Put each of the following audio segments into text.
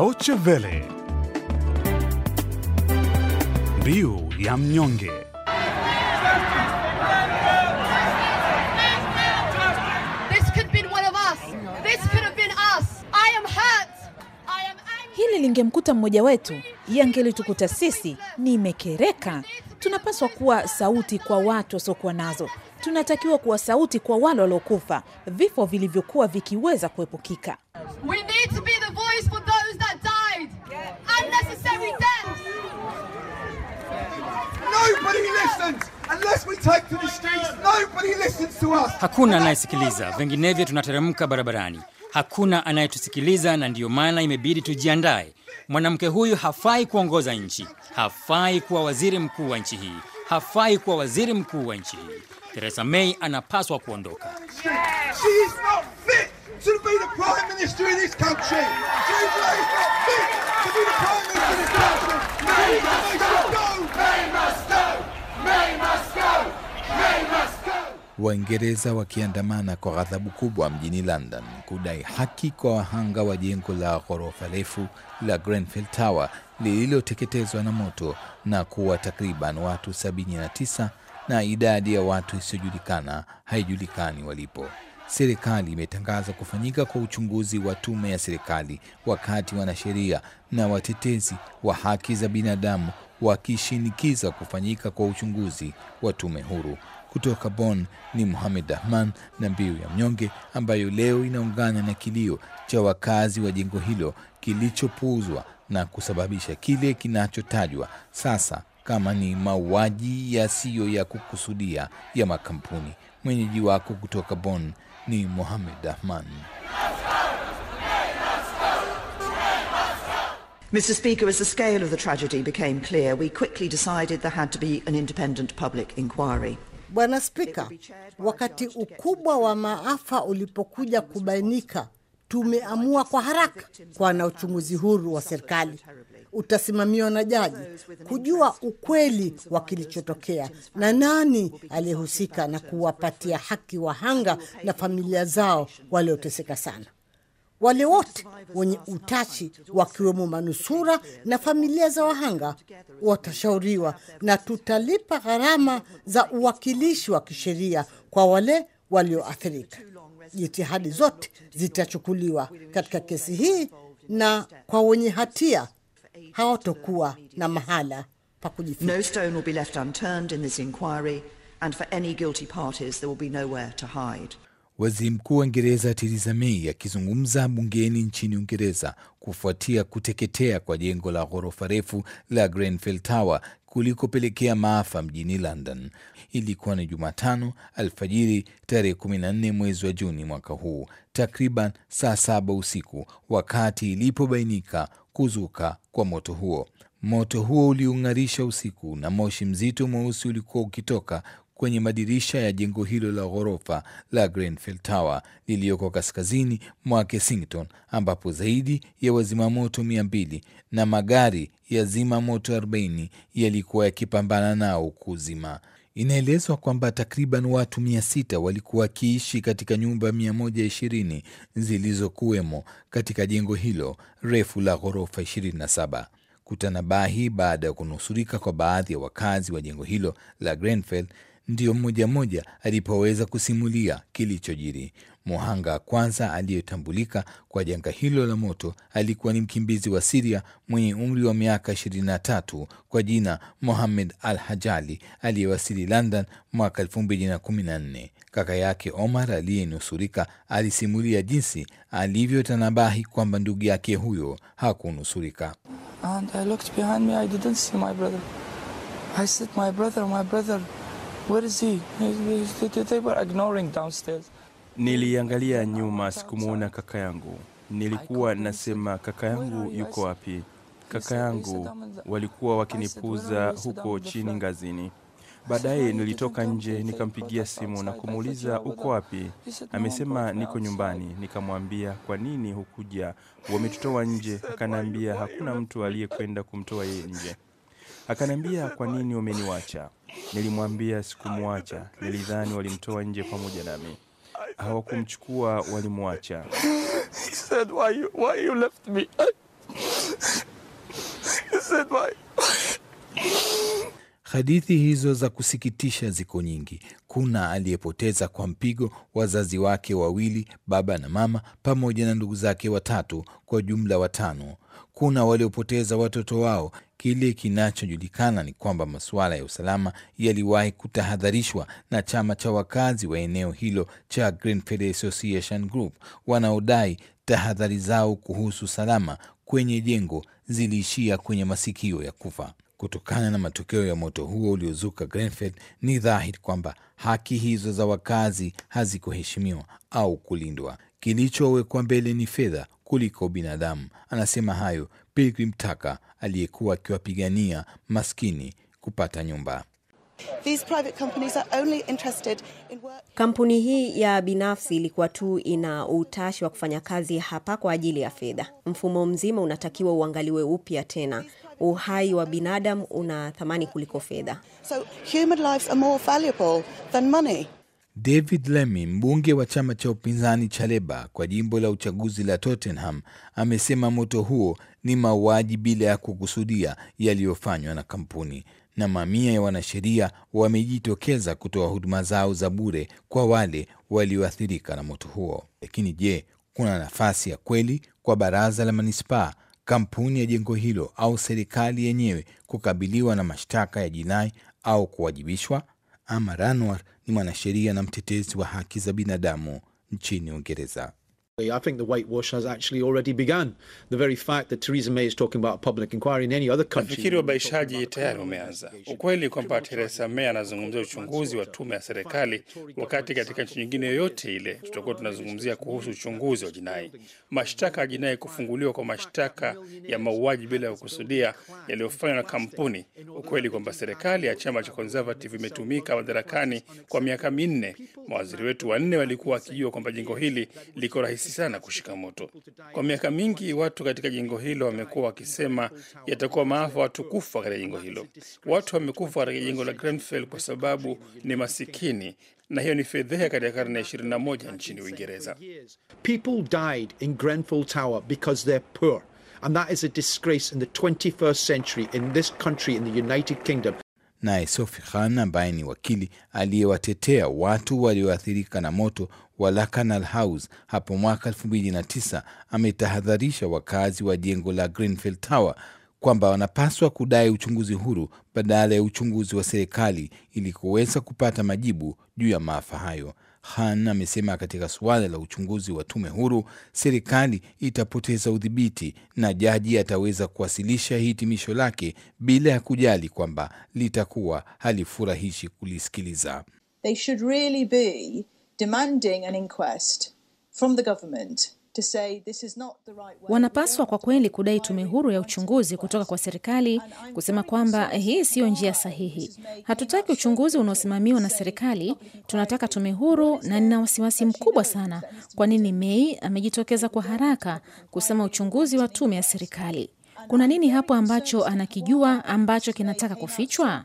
Deutsche Welle, mbiu ya mnyonge. Hili lingemkuta mmoja wetu, yangelitukuta sisi. Nimekereka. Tunapaswa kuwa sauti kwa watu wasiokuwa nazo. Tunatakiwa kuwa sauti kwa wale waliokufa, vifo vilivyokuwa vikiweza kuepukika. We need to be Hakuna anayesikiliza, vinginevyo tunateremka barabarani. Hakuna anayetusikiliza, na ndiyo maana imebidi tujiandae. Mwanamke huyu hafai kuongoza nchi, hafai kuwa waziri mkuu wa nchi hii, hafai kuwa waziri mkuu wa nchi hii. Theresa May anapaswa kuondoka. She, Waingereza wakiandamana kwa ghadhabu kubwa mjini London kudai haki kwa wahanga wa jengo la ghorofa refu la Grenfell Tower lililoteketezwa na moto na kuwa takriban watu 79 na idadi ya watu isiyojulikana haijulikani walipo serikali imetangaza kufanyika kwa uchunguzi wa tume ya serikali, wakati wanasheria na watetezi wa haki za binadamu wakishinikiza kufanyika kwa uchunguzi wa tume huru. Kutoka bon ni muhamed ahman na Mbiu ya Mnyonge, ambayo leo inaungana na kilio cha wakazi wa jengo hilo kilichopuuzwa na kusababisha kile kinachotajwa sasa kama ni mauaji yasiyo ya kukusudia ya makampuni. Mwenyeji wako kutoka Bon ni Mohamed Ahman. Mr. Speaker, as the scale of the tragedy became clear, we quickly decided there had to be an independent public inquiry. Bwana Spika, wakati ukubwa wa maafa ulipokuja kubainika, tumeamua kwa haraka kwa na uchunguzi huru wa serikali utasimamiwa na jaji kujua ukweli wa kilichotokea na nani aliyehusika na kuwapatia haki wahanga na familia zao walioteseka sana. Wale wote wenye utashi wakiwemo manusura na familia za wahanga watashauriwa, na tutalipa gharama za uwakilishi wa kisheria kwa wale walioathirika. Jitihadi zote zitachukuliwa katika kesi hii na kwa wenye hatia hawatokuwa na mahala pa kujificha. No stone will be left unturned in this inquiry and for any guilty parties there will be nowhere to hide. Waziri Mkuu wa Uingereza Theresa May akizungumza bungeni nchini Uingereza kufuatia kuteketea kwa jengo la ghorofa refu la Grenfell Tower kulikopelekea maafa mjini London. Ilikuwa ni Jumatano alfajiri tarehe 14 mwezi wa Juni mwaka huu, takriban saa saba usiku wakati ilipobainika kuzuka kwa moto huo. Moto huo uliung'arisha usiku na moshi mzito mweusi ulikuwa ukitoka kwenye madirisha ya jengo hilo la ghorofa la Grenfell Tower lililoko kaskazini mwa Kensington, ambapo zaidi ya wazimamoto mia mbili na magari ya zima moto 40 yalikuwa yakipambana nao kuzima. Inaelezwa kwamba takriban watu sita walikuwa wakiishi katika nyumba 120 zilizokuwemo katika jengo hilo refu la ghorofa 27 kutanabahi baada ya kunusurika kwa baadhi ya wakazi wa jengo hilo la Grenfell ndiyo mmoja mmoja alipoweza kusimulia kilichojiri. Muhanga kwanza aliyetambulika kwa janga hilo la moto alikuwa ni mkimbizi wa Siria mwenye umri wa miaka 23 kwa jina Mohamed Al Hajali aliyewasili London mwaka 2014. Kaka yake Omar aliyenusurika alisimulia jinsi alivyotanabahi kwamba ndugu yake huyo hakunusurika. And I looked behind me, I didn't see my brother. I said, my brother, my brother. Where is he? They were ignoring downstairs. Niliangalia nyuma, sikumwona kaka yangu. Nilikuwa nasema kaka yangu yuko wapi? Kaka yangu, walikuwa wakinipuza huko chini ngazini. Baadaye nilitoka nje nikampigia simu na kumuuliza uko wapi. Amesema niko nyumbani. Nikamwambia kwa nini hukuja, wametutoa nje. Akaniambia hakuna mtu aliyekwenda kumtoa yeye nje. Akaniambia kwa nini wameniwacha. Nilimwambia sikumwacha, nilidhani walimtoa nje pamoja nami. Hawakumchukua, walimwacha. Hadithi hizo za kusikitisha ziko nyingi. Kuna aliyepoteza kwa mpigo wazazi wake wawili, baba na mama, pamoja na ndugu zake watatu, kwa jumla watano. Kuna waliopoteza watoto wao. Kile kinachojulikana ni kwamba masuala ya usalama yaliwahi kutahadharishwa na chama cha wakazi wa eneo hilo cha Association Group, wanaodai tahadhari zao kuhusu salama kwenye jengo ziliishia kwenye masikio ya kufa. Kutokana na matokeo ya moto huo uliozuka Grenfell, ni dhahiri kwamba haki hizo za wakazi hazikuheshimiwa au kulindwa. Kilichowekwa mbele ni fedha kuliko binadamu. Anasema hayo Pilgrim Taka aliyekuwa akiwapigania maskini kupata nyumba. These private companies are only interested in work... Kampuni hii ya binafsi ilikuwa tu ina utashi wa kufanya kazi hapa kwa ajili ya fedha. Mfumo mzima unatakiwa uangaliwe upya tena uhai wa binadamu una thamani kuliko fedha. So, human lives are more valuable than money. David Lemmy, mbunge wa chama cha upinzani cha Leba kwa jimbo la uchaguzi la Tottenham, amesema moto huo ni mauaji bila ya kukusudia yaliyofanywa na kampuni, na mamia ya wanasheria wamejitokeza kutoa huduma zao za bure kwa wale walioathirika na moto huo. Lakini je, kuna nafasi ya kweli kwa baraza la manispaa kampuni ya jengo hilo au serikali yenyewe kukabiliwa na mashtaka ya jinai au kuwajibishwa? Amar Anwar ni mwanasheria na mtetezi wa haki za binadamu nchini Uingereza. I think the whitewash has actually already begun. The very fact that Theresa May is talking about public inquiry in any other country. Nafikiri ubaishaji tayari umeanza. Ukweli kwamba Theresa May anazungumzia uchunguzi wa tume ya serikali, wakati katika nchi nyingine yoyote ile tutakuwa tunazungumzia kuhusu uchunguzi wa jinai, mashtaka ya jinai, kufunguliwa kwa mashtaka ya mauaji bila ya kukusudia yaliyofanywa na kampuni. Ukweli kwamba serikali ya chama cha Conservative imetumika madarakani kwa miaka minne Mawaziri wetu wanne walikuwa wakijua kwamba jengo hili liko rahisi sana kushika moto. Kwa miaka mingi, watu katika jengo hilo wamekuwa wakisema yatakuwa maafa watu kufa katika jengo hilo. Watu wamekufa katika jengo la Grenfell kwa sababu ni masikini, na hiyo ni fedheha katika karne ya 21 nchini Uingereza. People died in Grenfell Tower because they're poor. And that is a disgrace in the 21st century in this country, in the United Kingdom naye Sofi Khan ambaye ni wakili aliyewatetea watu walioathirika na moto wa Lakanal House hapo mwaka 29 ametahadharisha wakazi wa jengo la Greenfield Tower kwamba wanapaswa kudai uchunguzi huru badala ya uchunguzi wa serikali ili kuweza kupata majibu juu ya maafa hayo. Han amesema katika suala la uchunguzi wa tume huru, serikali itapoteza udhibiti na jaji ataweza kuwasilisha hitimisho lake bila ya kujali kwamba litakuwa halifurahishi kulisikiliza. They should really be demanding an inquest from the government. Wanapaswa kwa kweli kudai tume huru ya uchunguzi kutoka kwa serikali, kusema kwamba hii siyo njia sahihi. Hatutaki uchunguzi unaosimamiwa na serikali, tunataka tume huru, na nina wasiwasi mkubwa sana kwa nini Mei amejitokeza kwa haraka kusema uchunguzi wa tume ya serikali. Kuna nini hapo ambacho anakijua ambacho kinataka kufichwa?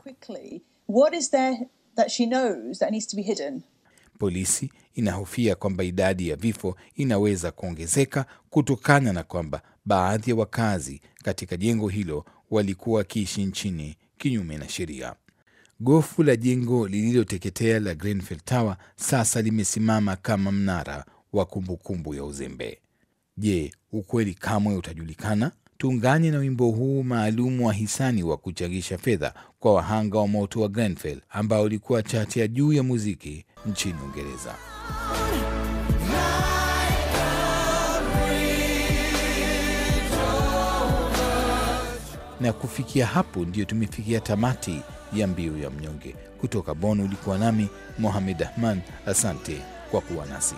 Polisi inahofia kwamba idadi ya vifo inaweza kuongezeka kutokana na kwamba baadhi ya wakazi katika jengo hilo walikuwa wakiishi nchini kinyume na sheria. Gofu la jengo lililoteketea la grenfield Tower sasa limesimama kama mnara wa kumbukumbu ya uzembe. Je, ukweli kamwe utajulikana? Tuungane na wimbo huu maalum wa hisani wa kuchangisha fedha kwa wahanga wa moto wa grenfield ambao ulikuwa chati ya juu ya muziki nchini Uingereza. Na kufikia hapo ndio tumefikia tamati ya Mbiu ya Mnyonge. Kutoka Bonn ulikuwa nami Mohamed Ahman, asante kwa kuwa nasi.